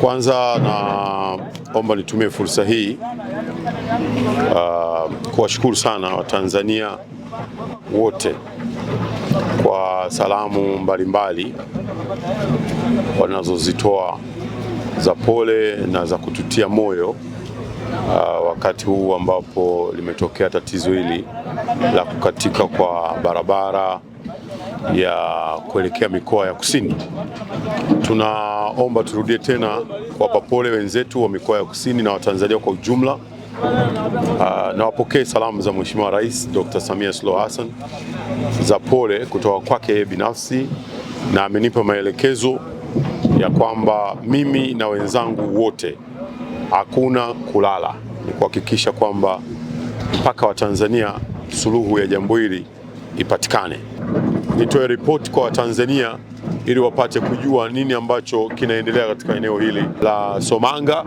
Kwanza naomba nitumie fursa hii uh, kuwashukuru sana Watanzania wote kwa salamu mbalimbali wanazozitoa za pole na za kututia moyo uh, wakati huu ambapo limetokea tatizo hili la kukatika kwa barabara ya kuelekea mikoa ya kusini. Tunaomba turudie tena kuwapa pole wenzetu wa mikoa ya kusini na Watanzania kwa ujumla. Uh, ah, na wapokee salamu za Mheshimiwa Rais Dr. Samia Suluhu Hassan za pole kutoka kwake yeye binafsi, na amenipa maelekezo ya kwamba mimi na wenzangu wote hakuna kulala, ni kuhakikisha kwamba mpaka Watanzania suluhu ya jambo hili ipatikane nitoe ripoti kwa Watanzania ili wapate kujua nini ambacho kinaendelea katika eneo hili la Somanga,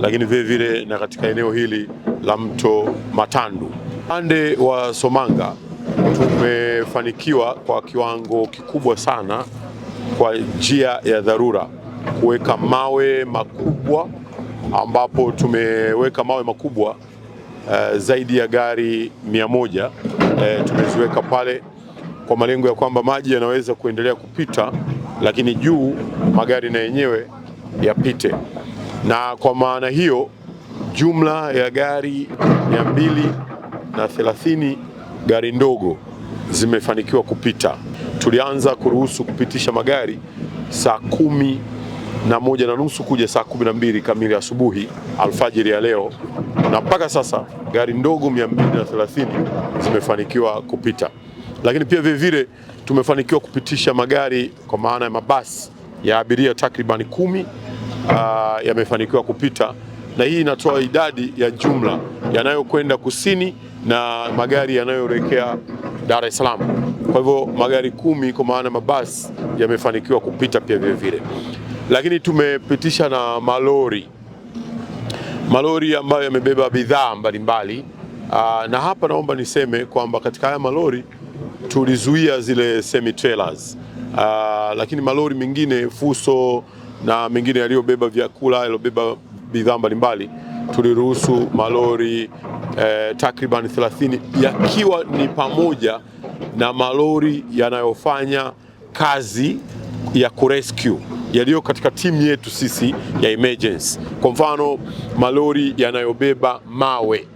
lakini vile vile na katika eneo hili la mto Matandu. Upande wa Somanga tumefanikiwa kwa kiwango kikubwa sana kwa njia ya dharura kuweka mawe makubwa ambapo tumeweka mawe makubwa uh, zaidi ya gari mia moja uh, tumeziweka pale kwa malengo ya kwamba maji yanaweza kuendelea kupita, lakini juu magari na yenyewe yapite, na kwa maana hiyo jumla ya gari mia mbili na thelathini gari ndogo zimefanikiwa kupita. Tulianza kuruhusu kupitisha magari saa kumi na moja na nusu kuja saa kumi na mbili kamili asubuhi alfajiri ya leo, na mpaka sasa gari ndogo mia mbili na thelathini zimefanikiwa kupita. Lakini pia vilevile tumefanikiwa kupitisha magari kwa maana ya mabasi ya abiria takriban kumi ah, yamefanikiwa kupita, na hii inatoa idadi ya jumla yanayokwenda kusini na magari yanayoelekea Dar es Salaam. Kwa hivyo magari kumi kwa maana mabasi yamefanikiwa kupita pia vilevile, lakini tumepitisha na malori malori ambayo yamebeba bidhaa mbalimbali. Ah, na hapa naomba niseme kwamba katika haya malori tulizuia zile semi trailers uh, ah, lakini malori mengine fuso na mengine yaliyobeba vyakula yaliyobeba bidhaa mbalimbali tuliruhusu malori eh, takriban 30 yakiwa ni pamoja na malori yanayofanya kazi ya kurescue yaliyo katika timu yetu sisi ya emergency. Kwa mfano malori yanayobeba mawe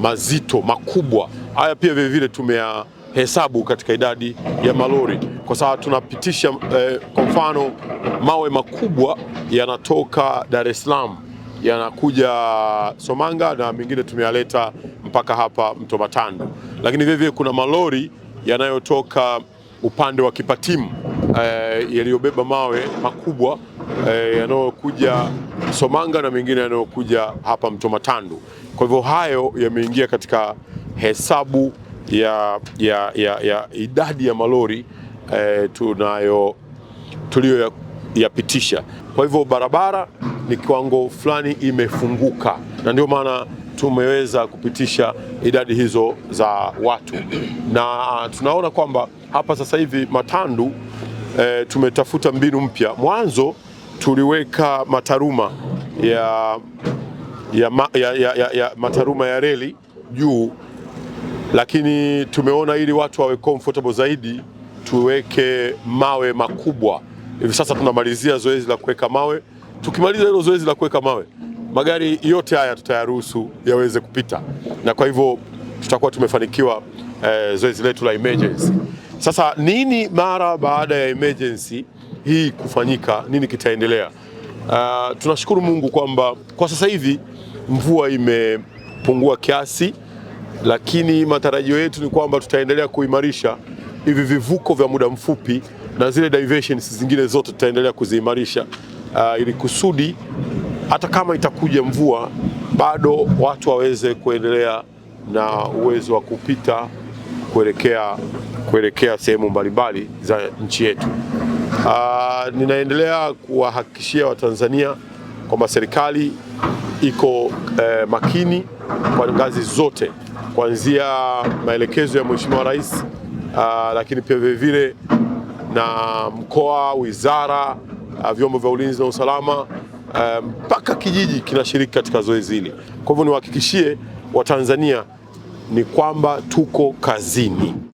mazito makubwa haya pia vilevile tumeya hesabu katika idadi ya malori kwa sababu tunapitisha eh, kwa mfano mawe makubwa yanatoka Dar es Salaam yanakuja Somanga na mengine tumeyaleta mpaka hapa mto matandu lakini vilevile kuna malori yanayotoka upande wa Kipatimu eh, yaliyobeba mawe makubwa eh, yanayokuja Somanga na mengine yanayokuja hapa mto matandu Kwa hivyo hayo yameingia katika hesabu ya, ya, ya, ya idadi ya malori eh, tunayo tuliyoyapitisha. Kwa hivyo barabara ni kiwango fulani imefunguka, na ndio maana tumeweza kupitisha idadi hizo za watu, na tunaona kwamba hapa sasa hivi Matandu eh, tumetafuta mbinu mpya. Mwanzo tuliweka mataruma ya, ya, ya, ya, ya, ya mataruma ya reli juu lakini tumeona ili watu wawe comfortable zaidi tuweke mawe makubwa. Hivi sasa tunamalizia zoezi la kuweka mawe. Tukimaliza hilo zoezi la kuweka mawe, magari yote haya tutayaruhusu yaweze kupita, na kwa hivyo tutakuwa tumefanikiwa eh, zoezi letu la emergency. Sasa nini mara baada ya emergency hii kufanyika, nini kitaendelea? Uh, tunashukuru Mungu kwamba kwa sasa hivi mvua imepungua kiasi lakini matarajio yetu ni kwamba tutaendelea kuimarisha hivi vivuko vya muda mfupi na zile diversions zingine zote tutaendelea kuziimarisha, uh, ili kusudi hata kama itakuja mvua bado watu waweze kuendelea na uwezo wa kupita kuelekea kuelekea sehemu mbalimbali za nchi yetu. Uh, ninaendelea kuwahakikishia Watanzania kwamba serikali iko eh, makini kwa ngazi zote kuanzia maelekezo ya Mheshimiwa Rais uh, lakini pia vilevile na mkoa, wizara, uh, vyombo vya ulinzi na usalama eh, mpaka um, kijiji kinashiriki katika zoezi hili. Kwa hivyo niwahakikishie Watanzania ni kwamba tuko kazini.